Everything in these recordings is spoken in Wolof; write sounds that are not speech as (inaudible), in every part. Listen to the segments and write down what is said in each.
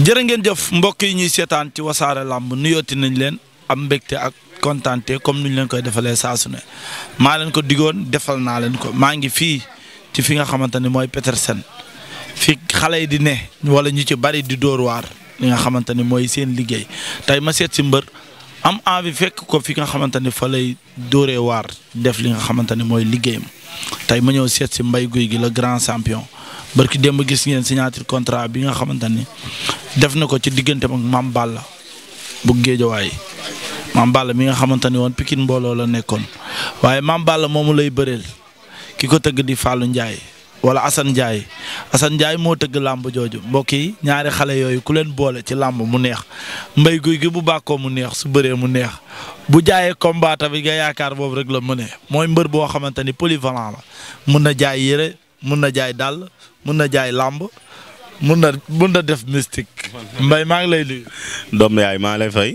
jërë ngeen jëf mbokk yi ñuy seetaan ci wasaare làmb nuyooti nañ leen am mbégte ak kontaante comme nuñ leen koy defalee saa su maa leen ko digoon defal naa leen ko maa ngi fii ci fi nga xamante ne mooy Petersen fi xale yi di ne wala ñu ci bari di dóor waar li nga xamante ne mooy seen liggéey tey ma seet si mbër am envie fekk ko fi nga xamante ne fa lay dóoree waar def li nga xamante ne mooy liggéeyam tey ma ñëw seet si mbay guy gi la grand champion. barki démb gis ngeen signature contrat bi nga xamante ni def na ko ci diggante ak Mame Balla bu Géejawaay Mame Balla mi nga xamante ni woon pikin mbooloo la nekkoon waaye Mame Balla moomu lay bëreel ki ko tëgg di Fallou Ndiaye wala Assane Ndiaye Assane Ndiaye moo tëgg làmb jooju mbokki ñaari xale yooyu ku leen boole ci làmb mu neex mbay guy gi bu bàkkoo mu neex su bëree mu neex bu jaayee combat bi nga yaakaar boobu rek la mu ne mooy mbër boo xamante ni polyvalent la mun na jaay mun na jaay dàll mun na jaay làmb mun na mun def mystique. mbay maa ngi lay nuyu. doom yaay maa lay fay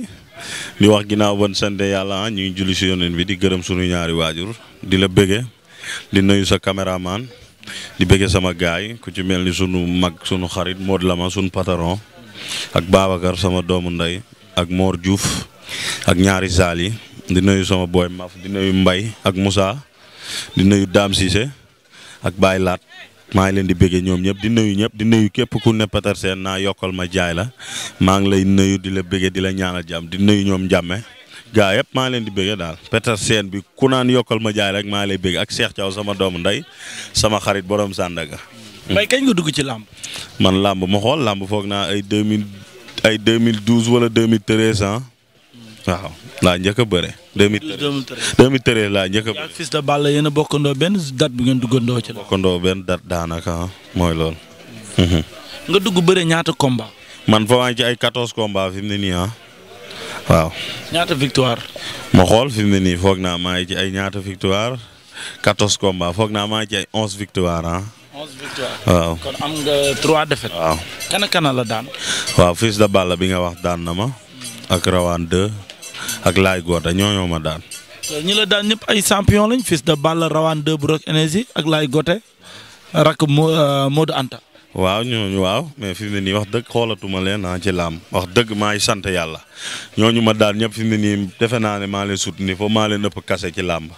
di wax ginnaaw bon sant yàlla ah, ñu ngi julli si yoneen bi di gërëm sunu ñaari waajur di la bëggee di nuyu sa caméraman di bëggee sama gaay yi ku ci mel ni sunu mag sunu xarit Mod Lama sunu pataron ak Babacar sama doomu ndey ak Mor Diouf ak ñaari saal di nuyu sama booy Maf di nuyu mbay ak Moussa di nuyu Dame Cissé ak baay Laat maa ngi leen di bëggee ñoom ñëpp di nuyu ñëpp di nuyu képp ku ne Petersen naa yokkal ma jaay la maa ngi lay nuyu di la bëggee di la ñaanal jam di nuyu ñoom jàmme gaa yëpp maa leen di bëggee daal Petersen bi ku naan yokkal ma jaay rek maa lay bëggee ak Cheikh Thiaw sama doomu ndey sama xarit borom sàndaga mbay hmm. kañ nga dugg ci làmb. man làmb ma xool làmb foog naa ay 2000 ay 2012 wala 2013 ah. waaw laa njëkk a laa njëkk a bëre. yaa Fils Balla yéen a bokkandoo benn date bi ngeen duggandoo ci la. bokkandoo benn date daanaka ah, mooy lool. Mhm. nga dugg bëre ñaata combat. man fa maa ci ay 14 combat fi ne nii ah. waaw. victoire. ma xool fi mu ne nii foog naa maa ngi ci ay ñaata victoire 14 combat foog naa ma ngi ci ay 11 victoire ah. kana kana la daan. waaw Fils de Balla bi nga wax daan na ma. ak rawaan 2. ak Laay Gorda ñooñoo ma daan. ñi la daan ñëpp ay champion lañ fils de Balla rawaan deux Brock énergie ak Laay Gote rakk euh, Modou Anta. waaw ñooñu waaw mais fi mu ne nii wax dëgg xoolatuma leen ah ci laam wax dëgg maay sant yàlla ñooñu ma daan ñëpp fi mu ne nii defe naa ne maa leen sut fo maa leen ëpp kase ci làmb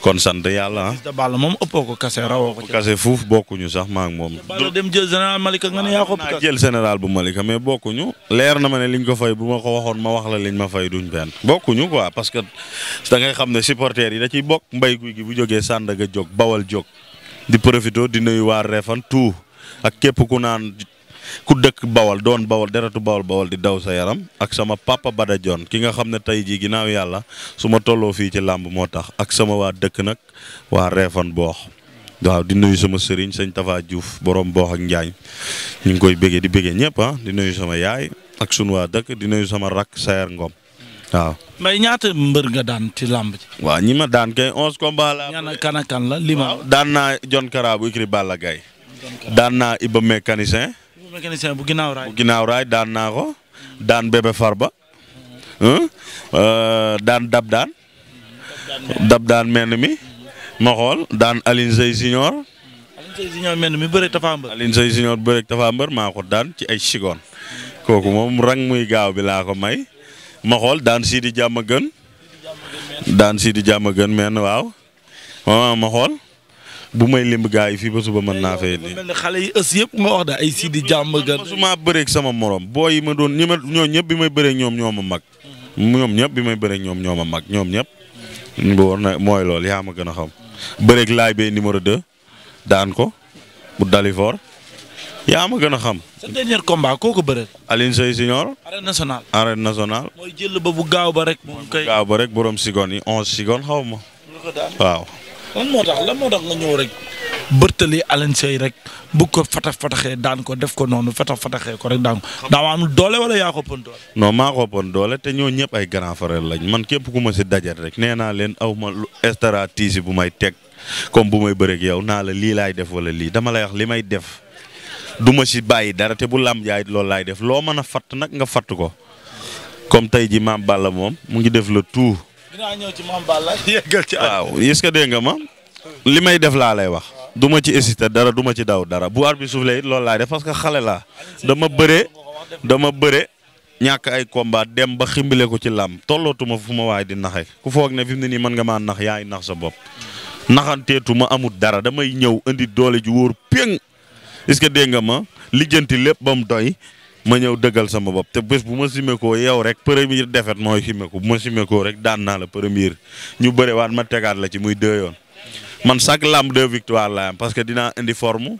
kon sant yàlla ah. Fils de Balla moom ëppoo ko kase rawoo ko. kase fuuf bokkuñu sax maa ngi moom. du dem jël général Malika nga ne yaa ko. naa jël général bu Malika mais bokkuñu. leer na ma ne liñ ko fay bu ma ko waxoon ma wax la liñ ma fay duñ benn. bokkuñu quoi parce que da ngay xam ne supporters yi da ciy bokk mbay guy gi bu jógee Sandaga jóg bawal jóg. di profité di nuyu waa Refane tout ak képp ku naan ku dëkk bawal doon bawal deretu bawal bawal di daw sa yaram ak sama papa Bada Dione ki nga xam ne tey jii ginnaaw yàlla su ma tolloo fii ci làmb moo tax ak sama waa dëkk nag waa Réfane boox waaw di nuyu sama sëriñ sëñ Tafa Diouf borom boox ak Njaañ ñu ngi koy béggee di béggee ñëpp ah di nuyu sama yaay ak sunu waa dëkk di nuyu sama rak Sayer Ngom waaw. mais ñaata mbër nga daan ci làmb waaw ñi ma daan kay onze combats li ma. daan naa John Kara bu écrit Balla Gaye daan mécanicien bu ginaaw raay bu ginnaaw raay daan naa ko daan bébé Farba euh, daan dab daan dab daan menn mi ma xool daan Alioune Seye Junior. Alioune menn mi bëreeg Tapha Mbeur. Alioune Seye Junior bëreeg Tapha daan ci ay sigoon kooku moom rang muy gaaw bi laa ko may ma xool daan Sidi Diama gën daan Sidi Diama gën menn waaw ma xool. bu may limb gaa yi fii ba suba mën naa fee nii. ni xale yi ës yëpp ma wax da ay Sidi jàmm gan. maa bëreeg sama morom booy yi ma doon ñi ma ñoo ñëpp bi may bëreeg ñoom ñoo ma mag. ñoom ñëpp bi may bëreeg ñoom ñoo ma mag ñoom ñëpp. mooy loolu yaa ma gën a xam. bëreeg laay bee numéro 2 daan ko bu Dalifor yaa ma gën a xam. sa dernier combat koo ko bëreel. Alioune Seye Signor. ba bu gaaw ba rek. moom kay gaaw rek borom sigoon yi onze sigoon xaw ma. waaw. lan moo tax lan moo tax nga ñëw rek bërtali Alioune Seye rek bu ko fata fataxee daan ko def ko noonu fatax fataxee ko rek daan ko daa am doole wala yaa ko pon doole. maa ko doole te ñoo ñëpp ay grand lañ man képp ku ma si dajat rek nee naa leen aw ma stratégie bu may teg comme bu may bëreeg yow naa la lii laay def wala lii dama lay wax li may def du ma si bàyyi dara te bu lam jaay loolu laay def loo mën a fatt nag nga fatt ko comme tey ji maam Balla moom mu ngi def le tout. dinaa ñëw ci Mame (laughs) ci waaw est-ce nga ma li may def laa lay wax duma ci hésité dara duma ci daw dara bu arbitre soufflé it loolu laay def parce que xale laa dama bëre dama bëre ñàkk ay combat dem ba ximbile ko ci làmb tollootuma fu ma waay di naxe ku foog ne fim mu ne nii mën nga maa nax yaay nax sa bopp naxanteetu ma amul dara damay ñëw indi doole ji wóor péng est-ce nga ma lijjanti lépp ba mu doy ma ñëw dëggal sama bopp te bés bu ma simekoo yow rek première defet mooy simeku bu ma simekoo rek daan naa la première ñu bëre waat ma tegaat la ci muy deux yoon man chaque lamb deux victoire la parce que dinaa indi forme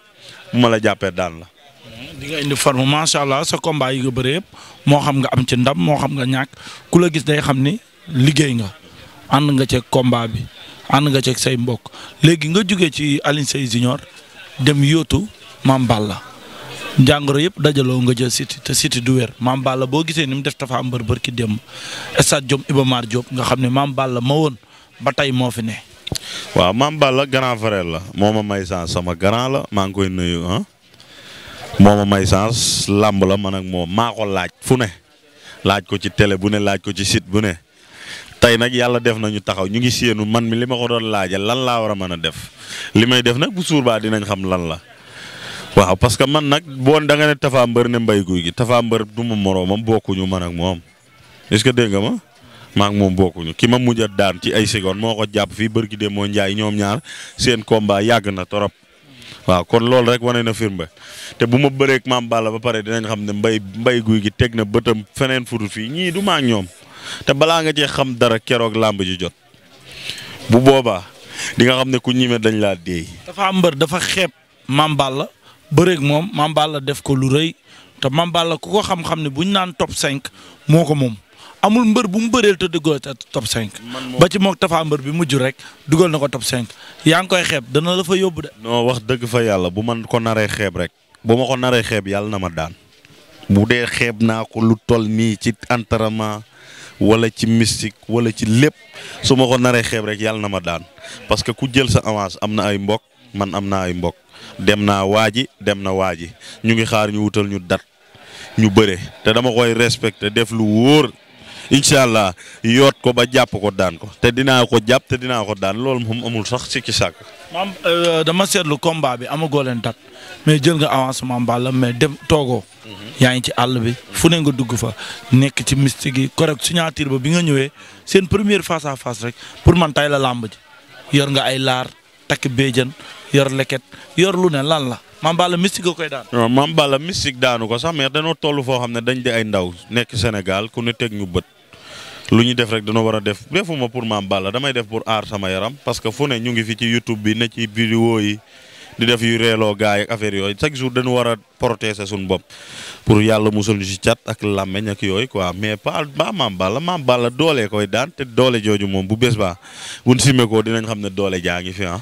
bu ma la jàppee daan la. Mhm, di nga indi forme macha allah sa combat yi nga bëre yëpp moo xam nga am ci ndam moo xam nga ñàkk ku la gis day xam ni liggéey nga ànd nga ceeg combat bi ànd nga ceeg say mbokk léegi nga jógee ci Alioune Seye Junior dem yóotu Mame Balla jàngoro yëpp dajaloo nga jël siti te siti du weer maam Balla boo gisee ni mu def Tapha Mbeur bërki démb stade Diop Iba Mar Diop nga xam ne maam la ma woon ba tey moo fi ne. waaw maam Balla grand la moo ma may sama grand la maa ngi koy nuyu ah ma may chance làmb la man ak moom maa ko laaj fu ne laaj ko ci télé bu ne laaj ko ci sit bu ne tey nag yàlla def nañu taxaw ñu ngi séenu man mi li ma ko doon laaja lan laa war a mën a def li may def nag bu suur baa dinañ xam lan la. waaw parce que man nag boon da nga ne Tapha Mbeur ne mbay Gouye Gui Tapha Mbeur du ma moroomam bokkuñu man ak moom est-ce que dégg nga ma maa moom bokkuñu ki ma mujj a daan ci ay secondes moo ko jàpp fii bërki de moo njaay ñoom ñaar seen combat yàgg na torop waaw kon loolu rek wane na firmba te bu ma bëreeg maam Balla ba pare dinañ xam ne mbay mbay guy gi teg na bëtam feneen fudul fii ñii du maag ñoom te balaa nga cee xam dara keroog làmb jot bu boobaa di nga xam ne ku ñime dañ laa deey dafa bëreeg moom Mame Balla def ko lu rëy te Mame Balla ku ko xam-xam ne bu ñu naan top cinq moo ko moom amul mbër bu mu bëreel te duggoo top 5. ba ci moog tafa mbër bi mujj rek dugal na ko top cinq yaa ngi koy xeeb dana la fa yóbbu de. non wax dëgg fa yàlla bu man ko naree xeeb rek. bu ma ko naree xeeb yàlla na ma daan. bu dee xeeb naa ko lu toll nii ci entraînement wala ci mystique wala ci lépp su ma ko naree xeeb rek yàlla na ma daan parce que ku jël sa avance am na ay mbok man am naa ay mbok dem naa waaji dem na waaji ñu ngi xaar ñu wutal ñu dat ñu bëre te dama koy respecté def lu wóor incha allah yoot ko ba jàpp ko daan ko te dinaa ko jàpp te dinaa ko daan loolu moom amul sax sikki sàkk. maam euh, dama seetlu combat bi amagoo leen dat mais jël nga avancement Balla mais dem toogoo. Mhm. yaa ngi ci àll bi fu ne nga dugg fa nekk ci mystique yi correct signature ba bi nga ñëwee seen première face à rek pour man tay la làmb ji yor nga ay laar takk béjjën yor leket yor lu ne lan la maam Balla mystique a koy daan. waaw maam Balla mystique daanu ko sax mais danoo toll foo xam ne dañ di ay ndaw nekk Sénégal ku ne teg ñu bët. lu ñu def rek dañoo war a def defuma pour maam Balla damay def pour aar sama yaram parce que fu ne ñu ngi fi ci YouTube bi ne ci vidéo yi di def yu reeloo gars yi ak affaire yooyu chaque jour dañu war a protéger suñu bopp pour yàlla musul ñu ci cat ak làmmeñ ak yooyu quoi mais pas ba maam Balla maam doole koy daan te doole jooju moom bu bés baa buñ simee dinañ xam ne doole jaa ngi fi ah.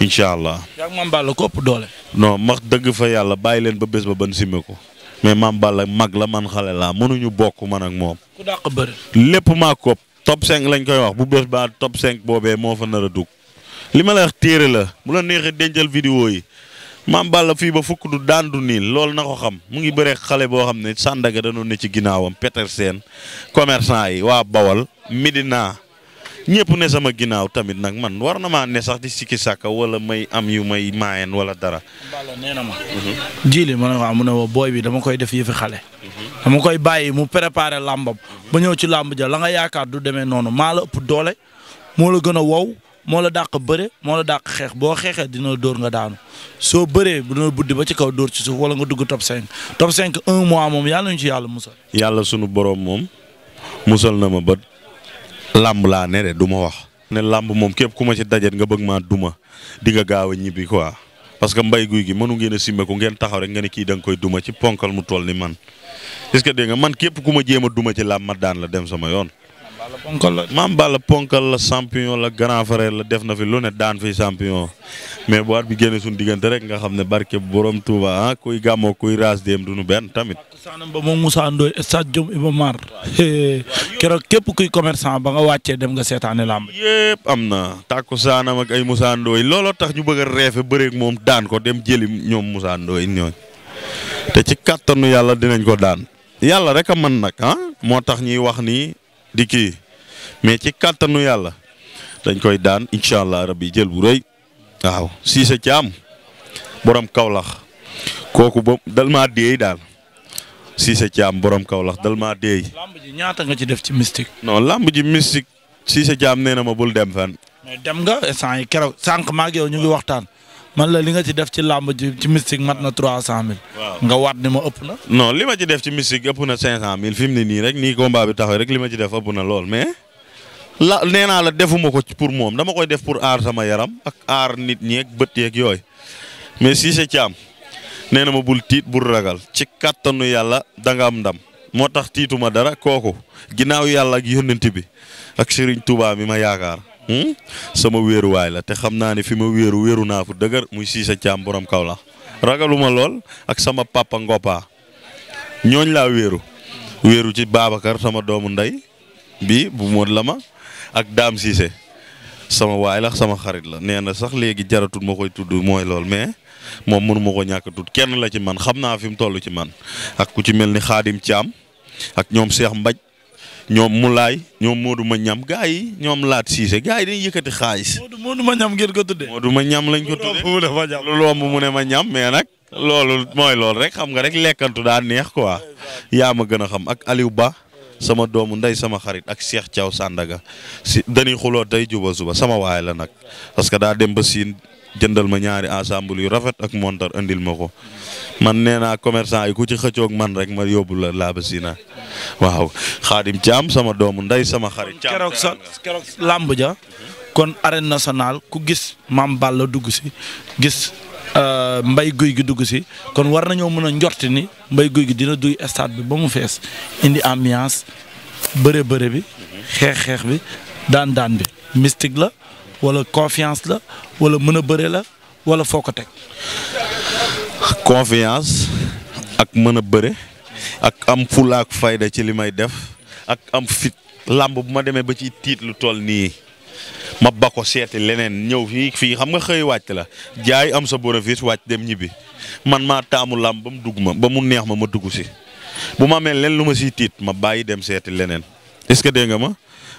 incha allah. yaa ngi ko ëpp doole. non max dëgg fa yàlla bàyyi leen ba bés ba ban simé ko mais maam mag la man xale laa mënuñu bokk man ak moom. ku lépp maa ko top 5 lañ koy wax bu bés ba top 5 boobee moo fa nar a dugg li ma la wax téere la mu la neexee dencal vidéo yi maam Balla fii ba fukk du daan du niil loolu na ko xam mu ngi bëre xale boo xam ne Sandaga dañoo ne ci ginnaawam seen commerçant yi waa Bawal Medina. ñëpp ne sama ginnaaw tamit nag man war na maa ne sax di sikki sàkka wala may am yu may maayeen wala dara. Balla nee na ma. Mhm. jiili ma ne waaw ah, mu ne woo booy bi dama koy def yëfi xale. Mhm. dama koy bàyyi mu préparer làmbam. ba ñëw ci làmb ja la nga yaakaar du demee noonu maa la ëpp doole moo la gën a wow moo la dàq bëre moo la dàq xeex boo xeexee dina dóor nga daanu soo bëree bu dina buddi ba ci kaw dóor ci suuf wala nga dugg top 5 top 5 un mois moom yàlla nañu ci yàlla musal. yàlla sunu borom na ma ba làmb laa ne de du ma wax ne làmb moom képp ku ma ci dajet nga bëgg maa duma di nga gaaw a ñibbi quoi parce que mbay guy gi mënu ngeen a ku ngeen taxaw rek nga ne kii da koy duma ci ponkal mu toll ni man. est-ce nga man képp ku ma jéem a duma ci làmb ma daan la dem sama yoon Balla ponkal la maam Balla ponkal la champion la grand frère la def na fi lu ne daan fi champion mais bu at bi génne suñu diggante rek nga xam ne barke borom Touba ah kuy gàmmoo kuy raas dem du nu benn tamit. ba moom Moussa Ndoye stade Diop Iba Mar keroog képp kuy commerçant ba nga wàcce dem nga seetaane lamb. yëpp am na takku saanam ak ay Moussa Ndoye looloo tax ñu bëgg a reefe bëreeg moom daan ko dem jëli ñoom Moussa Ndoye ñooñ te ci kattanu yàlla dinañ ko daan yàlla rek a mën nag ah, moo tax ñuy wax ni. di kii mais ci kattanu yàlla dañ koy daan incha allah rabbi jël bu rëy waaw Cissé Thiam borom kawlax kooku ba dal maa deey daal Cissé Thiam borom Kaolack dal maa deey. lamb ji ñaata nga ci def ci mystique. non lamb ji mystique Cissé Thiam nee na ma bul dem fan mais dem nga instant yi keroog sànq maa ngi yow ñu ngi waxtaan. man la li nga ci def ci làmb ji ci mystique mat na trois cent mille. nga waat ni ma ëpp na. non li ma ci def ci mystique ëpp na cinq cent mille mu ne nii rek nii combat bi taxaw rek li ma ci def ëpp na lool mais la nee naa la defuma ko pour moom dama koy def pour aar sama yaram ak aar nit ñeeg bët yeeg yooy mais si sa caam nee na ma bul tiit bul ragal ci kàttanu yàlla da nga am ndam moo tax tiituma dara kooku ginnaaw yàlla ak yónnent bi ak Serigne Touba mi ma yaakaar. Hmm? sama wéeruwaay la te xam naa ne fi ma wéeru wéeru naa fu dëgër muy Cissé Thiam borom kaw la ragaluma lool ak sama papa Ngopa ñooñ laa wéeru wéeru ci Babacar sama doomu ndey bi bu moon la ma ak daam Cissé sama waay la sama xarit la nee na sax léegi jaratul ma koy tudd mooy lool mais moom mënu ma ko ñàkk tudd kenn la ci man xam naa fi mu toll ci man ak ku ci mel ni Xaadim Thiam ak ñoom seex Mbaj ñoom laay ñoom moodu ma ñam gars yi ñoom Laat Cissé gars yi dañuy yëkkati xaalis. ma ñam ngeen ko tuddee. ma ñam lañ ko tuddee ma ñam lu lomb mu ne ma ñam mais nag. loolu mooy loolu rek xam nga rek lekkantu daa neex quoi yaa ma gën a xam ak Aliou Ba sama doomu ndey sama xarit ak Cheikh Thiaw Sandaga si dañuy day tey juba suba sama waay la nag parce que daa dem ba siin jëndal ma ñaari ensemble yu rafet ak montar indil ma ko man nee naa commerçant yi ku ci xëccoog man rek ma yóbbu la laaba sina waaw xaadim caam sama doomu ndey sama xarit. keroog sa keroog làmb ja kon arène nationale ku gis maam Balla dugg si gis euh, mbay guy gi dugg si kon war nañoo mën a njorti ni mbay guy gi dina duy stade bi ba mu fees indi ambiance bëre bi xeex xeex bi daan daan bi mystique la. wala confiance la wala mën a bëre la wala foo ko teg. confiance ak mën a bëre ak am fulla fayda ci li may def ak am fit làmb bu ma demee ba ci tiit lu toll nii ma ba ko seeti leneen ñëw fii fii xam nga xëy wàcc la jaay am sa bénéfice wàcc dem ñibbi man maa taamu làmb ba mu dugg ma ba mu neex ma ma dugg si bu ma amee leen lu ma siy tiit ma bàyyi dem seeti leneen est-ce que dégg nga ma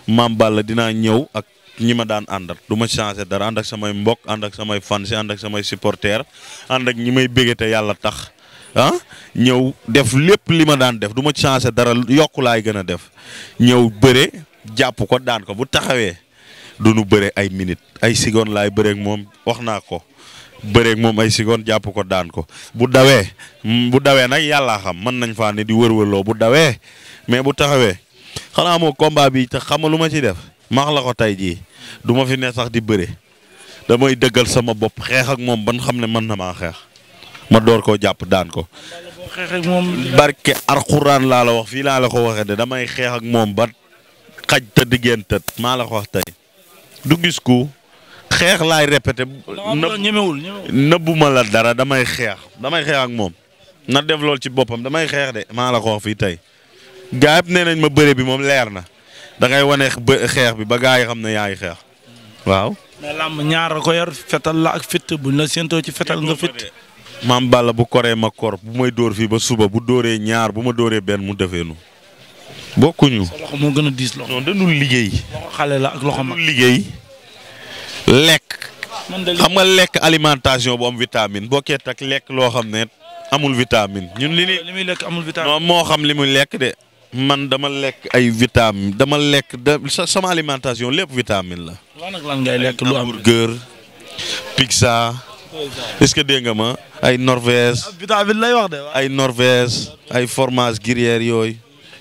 maam Balla dinaa ñëw ak ñi ma daan àndal du ma changé dara ànd ak samay mbokk ànd ak samay fans ànd ak samay supporters ànd ak ñi may bëgg te yàlla tax ah ñëw def lépp li ma daan def du ma changé dara yokku laay gën a def ñëw bëre jàpp ko daan ko bu taxawee du nu bëre ay minutes ay secondes laay bëreek moom wax naa ko bëreek moom ay secondes jàpp ko daan ko bu dawee mm, bu dawee nag yàllaa xam mën nañ faa ne di wërwërloo bu dawee mais bu taxawee xanaa moo combat bi te xamal lu ma ci def. maax la ko tey jii du ma fi ne sax di bëre damay dëggal sama bopp xeex ak moom ban xam ne mën na maa xeex ma door koo jàpp daan ko. xeex ak moom laa la wax fii laa la ko waxee de damay xeex ak moom ba xaj te maa la ko wax tey du gis ku xeex laay répété. ñemewul nëbbuma la dara damay xeex damay xeex ak moom. na def lool ci boppam damay xeex de maa la ko wax fii tey. gaa yëpp nee nañ ma bëre bi moom leer na. dangay ngay wane xeex bi ba gaa yi xam ne yaay xeex waaw. mais làmb ñaar ko yor fetal la ak fitt buñ la séentoo ci fetal nga fitt maam bala bu koree ma kor bu may dóor fii ba suba bu dóoree ñaar bu ma dooree benn mu defeenu bokkuñu. loxo gën a diis loxo. non liggéey. xale la ak loxo liggéey. lekk. xam nga lekk alimentation bu am vitamine bokkee lekk loo xam ne amul vitamine. ñun li li muy lekk amul vitamine. non moo xam li mu lekk de. man dama lekk ay vitamine dama lekk da sama alimentation lépp vitamine la. lan ak lan ngay lekk lu am hamburger pizza. est-ce que dégg nga ma ay Norvège. Ah, vitamine lay wax de ay Norvège ay fromage gruyère yooyu.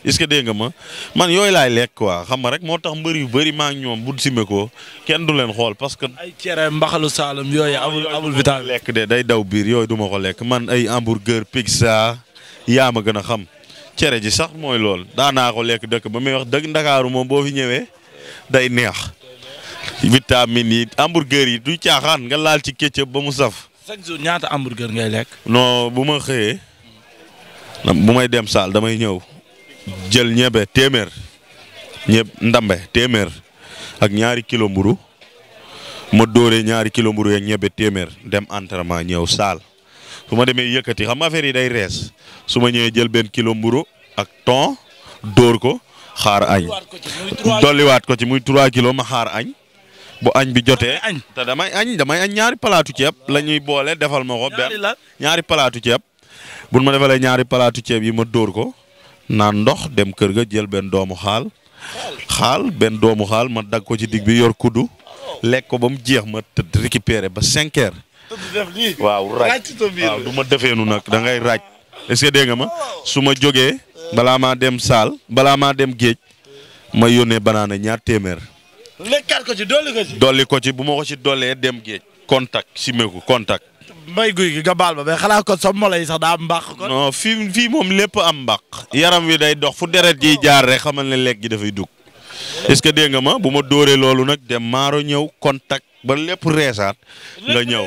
est-ce que dégg nga ma man yooyu laay lekk quoi xam nga rek moo tax mbër yu bëri maa ñoom bu sime ko kenn du leen xool parce que. ay cere mbaxalu Saalum yooyu amul amul vitamine lekk de day daw biir yooyu du ma ko lekk man ay hamburger pizza yaa ma gën a xam. cere ji sax mooy lool daanaa ko lekk dëkk ba muy wax dëgg ndakaaru moom boo fi ñëwee day neex vitamine yi hamburger yi du caaxaan nga laal ci ketchup ba mu saf. chaque jour ñaata hamburger ngay lekk. non bu ma xëyee bu may dem saal damay ñëw jël ñebe téeméer ñebe ndambe téeméer ak ñaari kilo mburu ma dóoree ñaari kilo mburu ak ñebe téeméer dem entre entraînement ñëw saal. su ma demee yëkkati xam nga affaire yi day rees su ma ñëwee jël benn kilo mburu ak ton dóor ko xaar añ. dolliwaat ko ci muy 3 kilos ma xaar añ. bu añ bi jotee te damay añ damay añ ñaari palaatu ceeb la ñuy boole defal ma ko benn ñaari palaatu ceeb buñ ma defalee ñaari palaatu ceeb yi ma dóor ko naan ndox dem kër ga jël benn doomu xaal xaal benn doomu xaal ma dag ko ci digg bi yor kuddu lekk ko ba mu jeex ma tëdd récupéré ba 5 heures waaw raaj waaw du ma defeenu nag da ngay raaj est-ce nga ma su ma jógee balaa maa dem saal balaa maa dem géej ma yónnee banaana ñaar téeméer. lekkaat ko ci dolli ko ci. dolli ko ci bu ma ko ci dollee dem géej. contact simeeku contact. may guy gi nga baal ba mais xalaa ko sa mbooloo yi sax daa am mbaq. kon fii moom lépp am mbaq. yaram wi day dox fu deret yiy jaar rek xamal ne lekk gi dafay dugg. est-ce que dégg ma bu ma dóoree loolu nag dem maaro ñëw contact ba lépp reesaat nga ñëw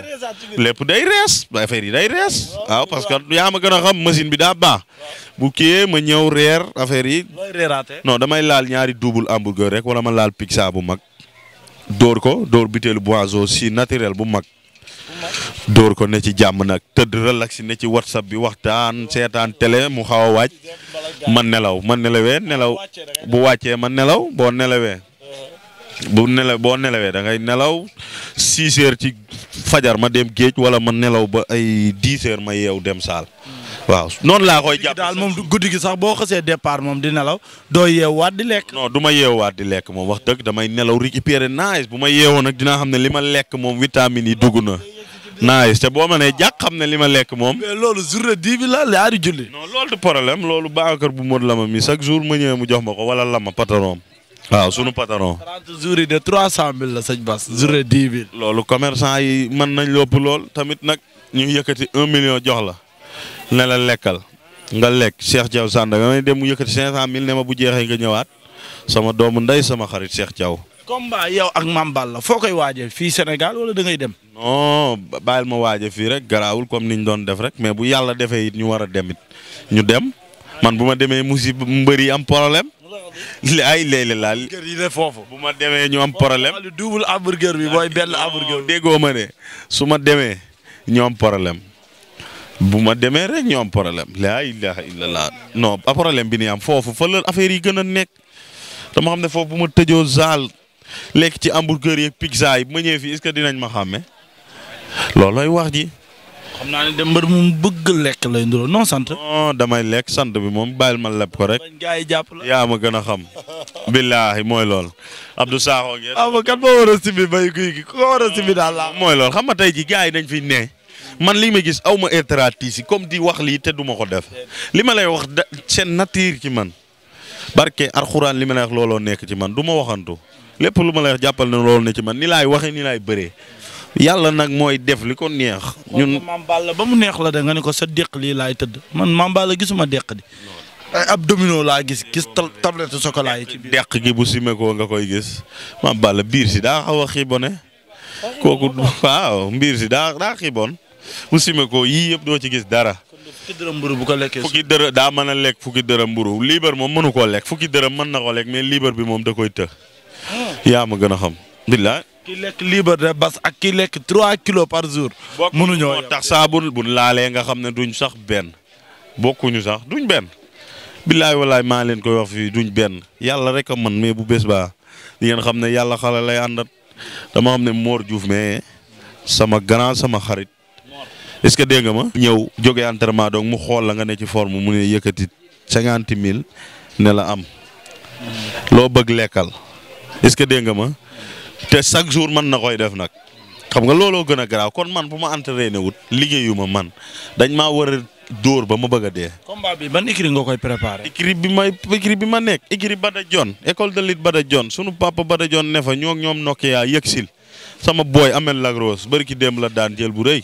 lépp day rees affaire yi day rees waaw parce que yaa ma gën a xam machine bi daa baax bu kiiyee ma ñëw reer affaire yi no damay laal ñaari double hamburger rek wala ma laal pizza bu mag dóor ko dóor butéelu boiseau si naturel bu mag dóor ko ne ci jàmm nag tëdd relax ne ci whatsapp bi waxtaan seetaan télé mu xaw a wàcc man nelaw man nelawee nelaw bu wàccee man nelaw boo nelawee bu nelaw boo nelawee dangay nelaw 6 heures ci fajar ma dem géej wala ma nelaw ba ay 10 heures ma yeew dem saal. waaw noonu laa koy jàpp daal moom guddi gi sax boo xasee départ moom di nelaw doo waat di lekk. non du ma waat di lekk moom wax dëgg damay nelaw récupérer nice bu ma yeewoo nag dina xam ne li ma lekk moom vitamines yi dugg na. nice te boo ma nee jàq xam ne li ma lekk moom. mais loolu journée dix bi la yaa di julli. non loolu du problème loolu baakar bu mod la ma mi chaque jour ma ñëwee mu jox ma ko wala lama patron waaw sunu patron. 30 jours yi de 300000 la sëñ Bas. journée 10000. loolu commerçant yi mën nañ lépp lool tamit nag ñu yëkkati un million jox la ne la lekkal nga lekk Cheikh Diaw Sandaga may dem mu yëkkati 500000 ne ma bu jeexee nga ñëwaat sama doomu ndey sama xarit Cheikh comme combat yow ak Mame la foo koy waajee fii Sénégal wala da ngay dem. non bàyyil ma waaje fii rek garaawul comme ñu doon def rek mais bu yàlla defee it ñu war a dem ñu dem man bu ma demee musiba mbër yi am problème. ay léegi la laal. yi de foofu. bu ma demee ñu am problème. waaw double hamburger bi mooy benn hamburger. déggoo ma ne su ma demee ñu am problème bu ma demee rek ñu am problème laa ilaha illallah non problème bi ni am foofu fa la affaire yi gën a nekk dama xam ne foofu bu ma tëjoo zaal lekk ci hamburger yeeg pizza yi ma ñëwee fii est dinañ ma xàmme loolooy wax ji. xam naa ne de mbër mu bëgg lekk lay nduroo non sant. non damay lekk sant bi moom bàyyil ma leb ko rek. gaa yi yaa ma gën a xam. (laughs) billaahi mooy lool Abdou Sakho ngeen. ah ma kat war a simbi bay guy gi ku ko war a simbi daal la. mooy lool xam nga tey ji gaa yi dañ fi ne. man li ma gis aw ma si comme di wax lii te duma ko def li ma lay wax da seen nature ci man barke arxuraan li ma lay wax looloo nekk ci man du ma waxantu lépp lu ma lay wax jàppal na loolu ne ci man ni laay waxee ni laay bëree. yàlla nag mooy def li ko neex. ñun Balla ba mu neex la de nga ne ko sa déq lii laay tëdd man Mame Balla gisuma déq di. ab domino laa gis gis tablette chocolat yi ci biir. deq gi bu simee ko nga koy gis Mame Balla biir si daa xaw a xiibone kooku waaw mbiir si daa daa xiibon bu simee ko yii yëpp doo ci gis dara. fukki dërëm mburu bu ko lekkee fukki dërëm daa mën a lekk fukki dërëm mburu liibar moom mënu koo lekk fukki dërëm mën na koo lekk mais liibar bi moom da koy të. Ah. yaa ma gën a xam. billaay ki lekk libre de bas ak ki lekk 3 kilos par jour. mënuñoo moo tax saabu bu laalee nga xam ne duñ sax benn bokkuñu sax duñ benn. billaay walaay maa leen koy wax fii duñ benn yàlla rek a man mais bu bés baa di ngeen xam ne yàlla xale lay àndat dama xam ne Mor Diouf mais sama grand sama xarit est-ce que dégg nga ma. ñëw jógee entraînement donc mu xool la nga ne ci forme mu ne yëkkati cinquante mille ne la am hmm. loo bëgg lekkal est-ce que dégg nga ma. te chaque jour man na koy def nag xam nga looloo gën a garaaw kon man bu ma entraîné wut liggéeyu ma man dañ maa war a dóor ba ma bëgg dee. combat bi ban écurie nga koy préparé. écurie bi may écurie bi ma nekk écurie Bada John école de ba da John sunu papa Bada John ne fa ñoo ñoom Nokia yëgsil sama booy Amel Lagros bari ki démb la daan jël bu rëy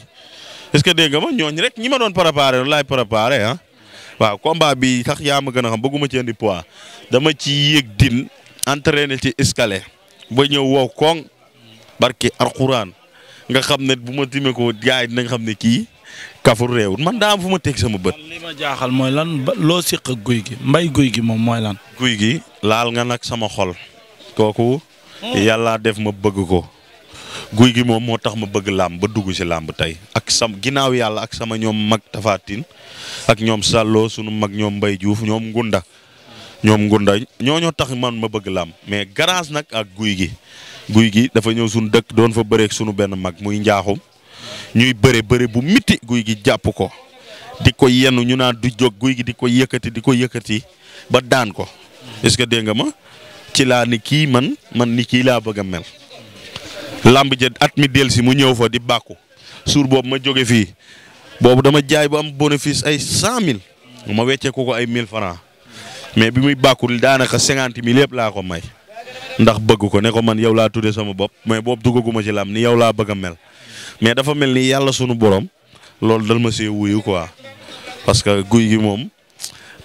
est ce que dégg nga ma ñooñ rek ñi ma doon préparé laay préparé ah. waaw combat bi sax yaa ma gën a xam bëgguma ci indi poids dama ci yéeg din entraîné ci escalier. ba ñëw wow koŋ barke alxuraan nga xam ne bu ma timee ko yaay dinañ xam ne kii kafur réewul man daa am fu ma teg sama bët. ma jaaxal mooy lan loo siq guy gi mbay guy gi moom mooy lan. guy gi laal nga nag sama xol. kooku oh. yàlla def ma bëgg ko guy gi moom moo tax ma bëgg làmb ba dugg si làmb tey ak sam ginnaaw yàlla ak sama ñoom mag tafaatin ak ñoom Salloo sunu mag ñoom Mbay Juuf ñoom Ngunda. ñoom ngunda ñoo ñoo tax man ma bëgg làmb mais garage nag ak guy gi guy gi dafa ñëw suñu dëkk doon fa bëreek sunu benn mag muy njaaxum ñuy bëre bëre bu miti guy gi jàpp ko di ko yenn ñu naan di jóg guy gi di ko yëkkati di ko yëkkati ba daan ko est-ce que dégg nga ma ci laa ni kii man man ni kii laa bëgg a mel làmb ja at mi del si mu ñëw fa di bàkku suur boobu ma jóge fii boobu dama jaay ba am bénéfice ay cent mille ma weccee ko ko ay mille francs mais bi muy bàkkul daanaka cinquante mille yëpp laa ko may ndax bëgg ko ne ko man yow laa tudde sama bopp mais boobu duggaguma ci lam ni yow laa bëgg a mel mais dafa mel ni yàlla sunu borom loolu dal ma see wuyu quoi parce que guy gi moom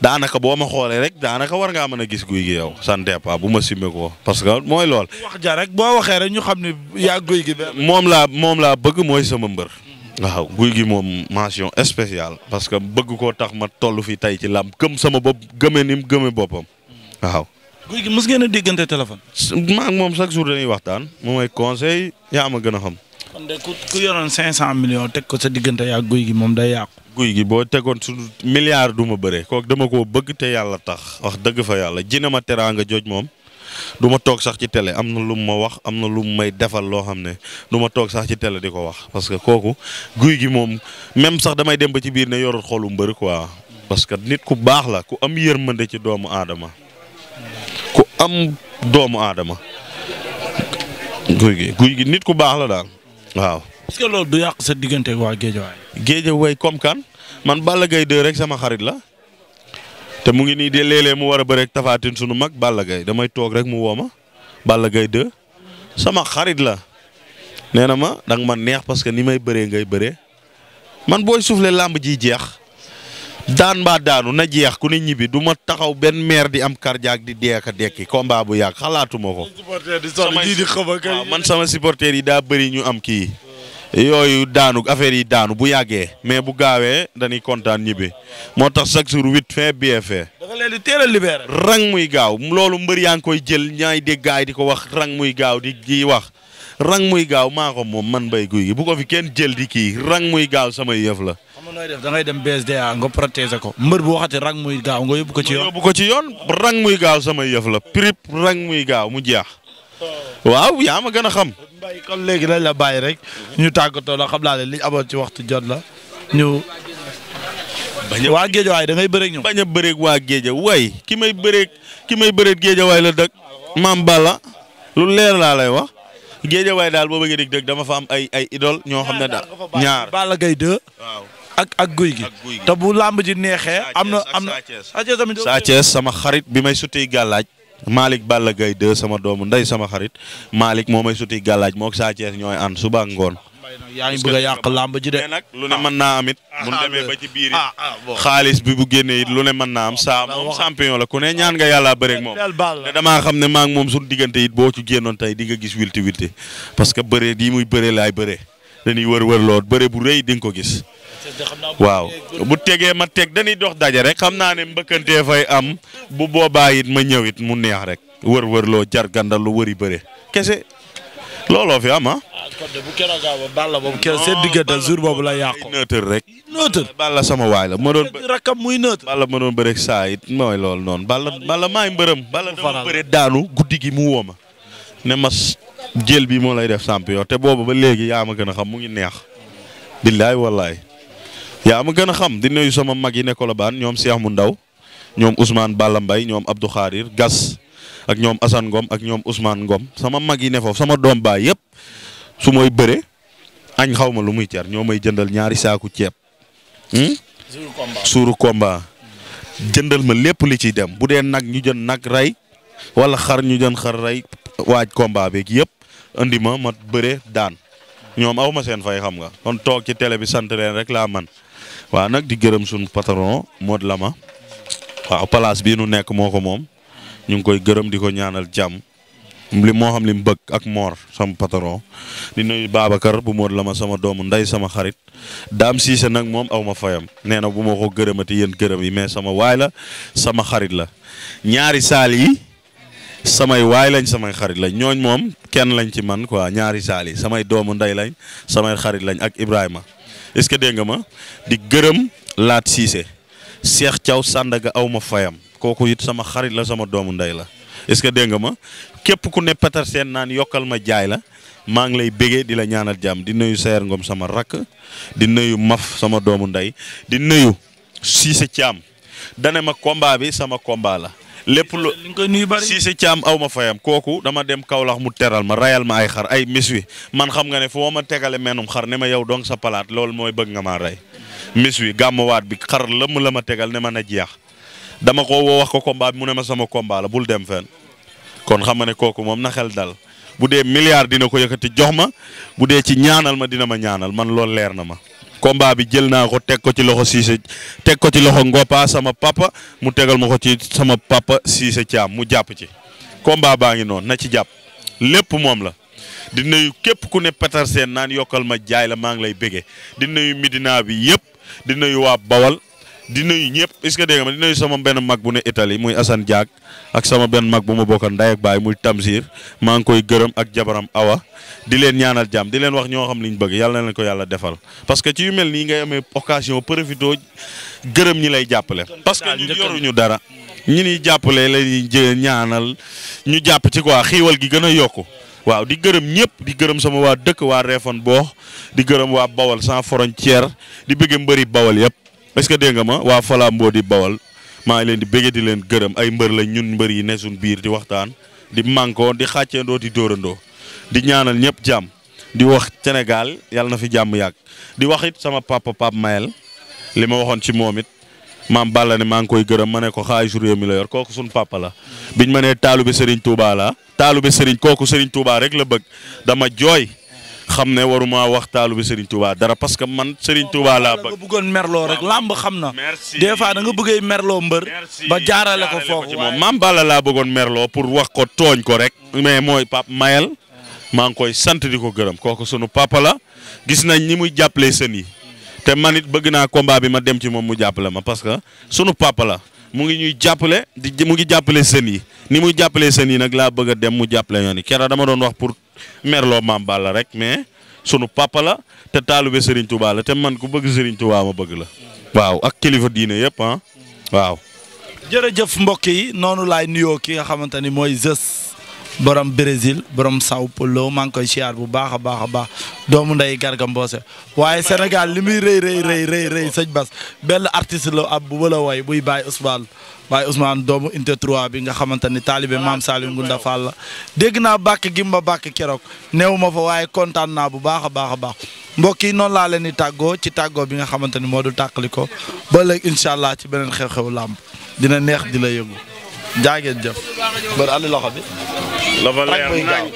daanaka boo ma xoolee rek daanaka war ngaa mën a gis guy gi yow santé pa bu ma simmee ko parce que mooy lool. wax ja rek boo waxee rek ñu xam ne yaa guy gi. moom laa moom laa bëgg mooy sama mbër. waaw guy gi moom mention spéciale parce que bëgg koo tax ma toll fi tey ci làmb gëm sama bopp gëmee ni mu gëmee boppam waaw. guy gi mës ngeen a déggante téléphone. maa ak moom chaque jour dañuy waxtaan mu may conseil yaa ma gën a xam. kon de ku ku yoroon 500 millions teg ko sa diggante yaa guy gi moom day yàqu. guy gi boo tegoon su milliard du ma bëree kooku dama koo bëgg te yàlla tax wax dëgg fa yàlla jinne ma teraanga jooj moom. du ma toog sax ci télé am na lu ma wax am na lu may defal loo xam ne du ma toog sax ci télé di ko wax parce que kooku guy gi moom même sax damay dem ba ci biir ne yorul xolu mbër quoi. parce que nit ku baax la ku am yërmande ci doomu aadama ku am doomu aadama guy gi guy gi nit ku baax la daal waaw. est loolu du yàq sa diggante waa Géejawaay. Géejawaay comme kan man Balla Gaye 2 rek sama xarit la. te mu ngi nii de léeg-léeg mu war a bëreeg Tapha Tine sunu mag Balla Gaye damay toog rek mu wooma ma Balla Gaye sama xarit la nee na ma danga man neex parce que ni may bëree ngay bare man booy soufflé làmb ji jeex daan mbaa daanu na jeex ku ne ñibbi du ma taxaw benn meer di am cardiaque di deeka dekki combat bu yàgg xalaatuma ko. man sama supporter yi daa bari ñu am kii. yooyu daanu affaire yi daanu bu yàggee mais bu gaawee dañuy kontaan ñibbi moo tax chaque jour huit fin bien fait. da nga leen rang muy gaaw loolu mbër yaa ngi koy jël ñaay dégg gaay di ko wax rang muy gaaw di di wax rang muy gaaw maa ko moom man Mbaye Gouy bu ko fi kenn jël di kii rang muy gaaw sama yëf la. xam nga nooy def da ngay dem BSDA nga protéger ko mbër bu waxati rang muy gaaw nga yóbbu ko ci yoon. ko ci yoon rang muy gaaw sama yëf la prip rang muy gaaw mu jeex. waaw yaa ma gën a xam. mbay léegi dañ la bàyyi rek. ñu tàggatoo la xam naa ne liñ amoon ci waxtu jot la ñu. waa géejawaay waay ngay bëreeg ñoom. bañ a waa waa way ki may bëreeg ki may bëreeg géejawaay la dëkk maam Balla lu leer laa lay wax. géejawaay daal boo bëggee dégg dëgg dama fa am ay ay idole ñoo xam ne daal ñaar Balla Gaye 2 ak ak guy gi te bu làmb ji neexee. am na am na Sa Thiès tamit. sama xarit bi may sutee gàllaaj Malick Balla Gaye 2 sama doomu ndey sama xarit Malick moo may suti gàllaaj moo ak Sa Thiès ñooy ànd suba ngoon. yaa ngi bëgg a yàq làmb ji de. nag lu ne mën naa am it. Ah, bu ah, ah, demee ba ci biir it xaalis bi bu génnee it lu ne mën naa am saa moom la ku ne ñaan nga yàlla bëre ak moom. te xam ne maa ngi moom suñu diggante it boo ci génnoon tey di nga gis wilti wilti parce que bëre di muy bëre laay bëre dañuy wër wër lool bëre bu rëy di nga ko gis waaw bu tegee ma teg dañuy dox daje rek xam naa ne mbëkkantee fay am bu boobaa it ma ñëw it mu neex rek wër-wër loo jar gàndal lu wëri bëre kese looloo fi ama ah. ah bu keroog ba Balla boobu keroog seen boobu la yàqu. nëtër rek. nëtër Balla sama waay la ma muy nëtër. Balla ma doon bëre saa it mooy loolu noon Balla Balla maay mbërëm. Balla dama bëre daanu guddi gi mu woo ma. ne ma jël bi moo lay def champion te boobu ba léegi yaa ma gën a xam mu ngi neex. billaay wallaay. yaa ma gën a xam di nuyu sama mag yi ne Colobane ñoom Cheikh mu ndaw ñoom usmaan Balla Mbaye ñoom Abdou Khadir Gas ak ñoom Assane Ngom ak ñoom Ousmane Ngom sama mag yi ne sama doom baay yëpp su bëre añ xaw ma lu muy jar ñoo may jëndal ñaari saaku ceeb. suuru hmm? combat jëndal ma lépp li ciy dem bu dee nag ñu jën nag rey wala xar ñu jën xar rey waaj combat beeg yëpp andi ma ma bëre daan ñoom aw ma seen fay xam nga toog ci télé bi sant leen rek laa man waaw nag di gërëm suñu patron la ma waaw place bii nu nekk moo ko moom ñu ngi koy gërëm di ko ñaanal jàmm li moo xam li mu bëgg ak Mor sama patron di nuyu Babacar bu la ma sama doomu ndey sama xarit Dame Cissé nag moom aw ma fayam nee na bu ma ko gërëmati yéen gërëm yi mais sama waay la sama xarit la ñaari saal yi samay waay lañ samay xarit lañ ñooñ moom kenn lañ ci man quoi ñaari saal yi samay doomu ndey lañ samay xarit lañ ak Ibrahima. est-ce que dégg nga ma di gërëm Laat Cissé Cheikh Thiaw sàndaga aw ma fayam kooku it sama xarit la sama doomu ndey la est-ce que dégg nga ma képp ku ne petar seen naan yokkal ma jaay la maa ngi lay bégee di la ñaanal jàmm di nuyu Sayer ngoom sama rakk di nuyu Maf sama doomu ndey di nuyu Cissé Thiam dane ma combat bi sama komba la. lépp lu Cissé Thiam aw ma fayam kooku dama dem Kaolack mu teral ma rayal ma ay xar ay mis wi man xam nga ne foo ma tegale menum xar ne ma yow dong sa palaat lool mooy bëgg nga maa rey miss wi gàmmuwaat bi xar lëmm la ma tegal ne ma na jeex dama ko woo wax ko combat bi mu ne ma sama kombaala bul dem fenn kon xam nga ne kooku moom na xel dal bu dee milliard dina ko yëkkati jox ma bu dee ci ñaanal ma dina ma ñaanal man loolu leer na ma combat bi jël naa ko teg ko ci loxo Cissé teg ko ci loxo Ngopa sama papa mu tegal ma ko ci sama papa Cissé Thiam mu jàpp ci combat baa ngi noonu na ci jàpp lépp moom la di nuyu képp ku ne seen naan yokkal ma jaay la maa ngi lay bége di nuyu Midina bi yëpp di nuyu waa Bawal di nuyu ñëpp est-ce que dégg ma di nuyu sama benn mag bu ne itali muy Assane Diak ak sama benn mag bu ma bokka nday ak baay muy Tamsir maa ngi koy gërëm ak jabaram Awa di leen ñaanal jàmm di leen wax ñoo xam liñ bëgg yàlla na leen ko yàlla defal parce que ci yu mel nii ngay amee occasion profito gërëm ñi lay jàppale. parce que ñu yoruñu dara. ñu ñuy jàppale lay ñaanal ñu jàpp ci quoi xiiwal gi gën a yokku. waaw di gërëm ñëpp di gërëm sama waa dëkk waa Réfane boo di gërëm waa Bawol sans frontière di bëgg mbëri Bawol yëpp est-ce que dégg nga ma waa Falamboo di bawal maa ngi leen di bëgg di leen gërëm ay mbër lañ ñun mbër yi ne suñ biir di waxtaan di mànkoo di xàcceendoo di dóorandoo di ñaanal ñëpp jàmm di wax Sénégal yàlla na fi jàmm yàgg di wax it sama papa Pape Mayel li ma waxoon ci moom it maam Balla ne maa ngi koy gërëm ma ne ko xaalisu réew mi la kooku suñ papa la biñ ma nee taalube Serigne Touba la taalube seriñ kooku Serigne Touba rek la bëgg dama jooy. xam ne waruma waxtaalu bi Serigne Touba dara parce que man Serigne Touba laa bëgg. nga bëggoon merloo rek làmb xam na. merci des fois da nga bëggee merloo mbër. ba jaarale ko foofu waaye maam Balla laa bëggoon merloo pour wax ko tooñ ko rek. mais mooy Pape Mayel. maa ngi koy sant di ko gërëm kooku sunu papa la gis nañ ni muy jàppale sën yi te man it bëgg naa komba bi ma dem ci moom mu jàppale ma parce que sunu papa la mu ngi ñuy jàppale di mu ngi jàppale sën yi ni muy jàppale sën yi nag laa bëgg a dem mu merloo maam Balla rek mais sunu papa la te taalube Serigne Touba la te man ku bëgg Serigne Touba ma bëgg la. waaw ak kilifa diine yëpp ah waaw. jërëjëf mbokk yi noonu laay nuyoo ki nga xamante ni mooy borom Brésil borom Sao Paulo maa ngi koy siyaar bu baax a baax a baax doomu nday Garga Mbossé waaye Sénégal li muy rëy rey rëy rëy rëy sëñ Bas benn artiste la ab bu wala way buy Baye Ousmane Baye usmaan doomu Inte 3 bi nga xamante ni taalibe maam Saliou Ngunda Fall la dégg naa bàkk gi ma bàkk keroog néew ma fa waaye kontaan naa bu baax a baax a baax mbokk yi noonu laa leen di tàggoo ci tàggoo bi nga xamante ni moo du tàqali ko ba léegi allah ci beneen xew-xew làmb dina neex di la yëngu jaageen jëf bi la fa leer nañ